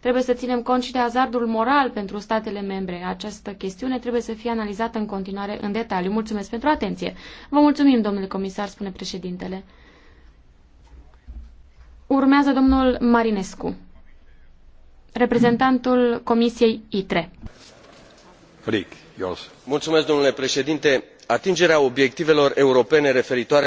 Trebuie să ținem cont și de azardul moral pentru statele membre. Această chestiune trebuie să fie analizată în continuare în detaliu. Mulțumesc pentru atenție. Vă mulțumim, domnule comisar, spune președintele. Urmează domnul Marinescu, reprezentantul Comisiei ITRE. Fric, Mulțumesc, domnule președinte atingerea obiectivelor europene referitoare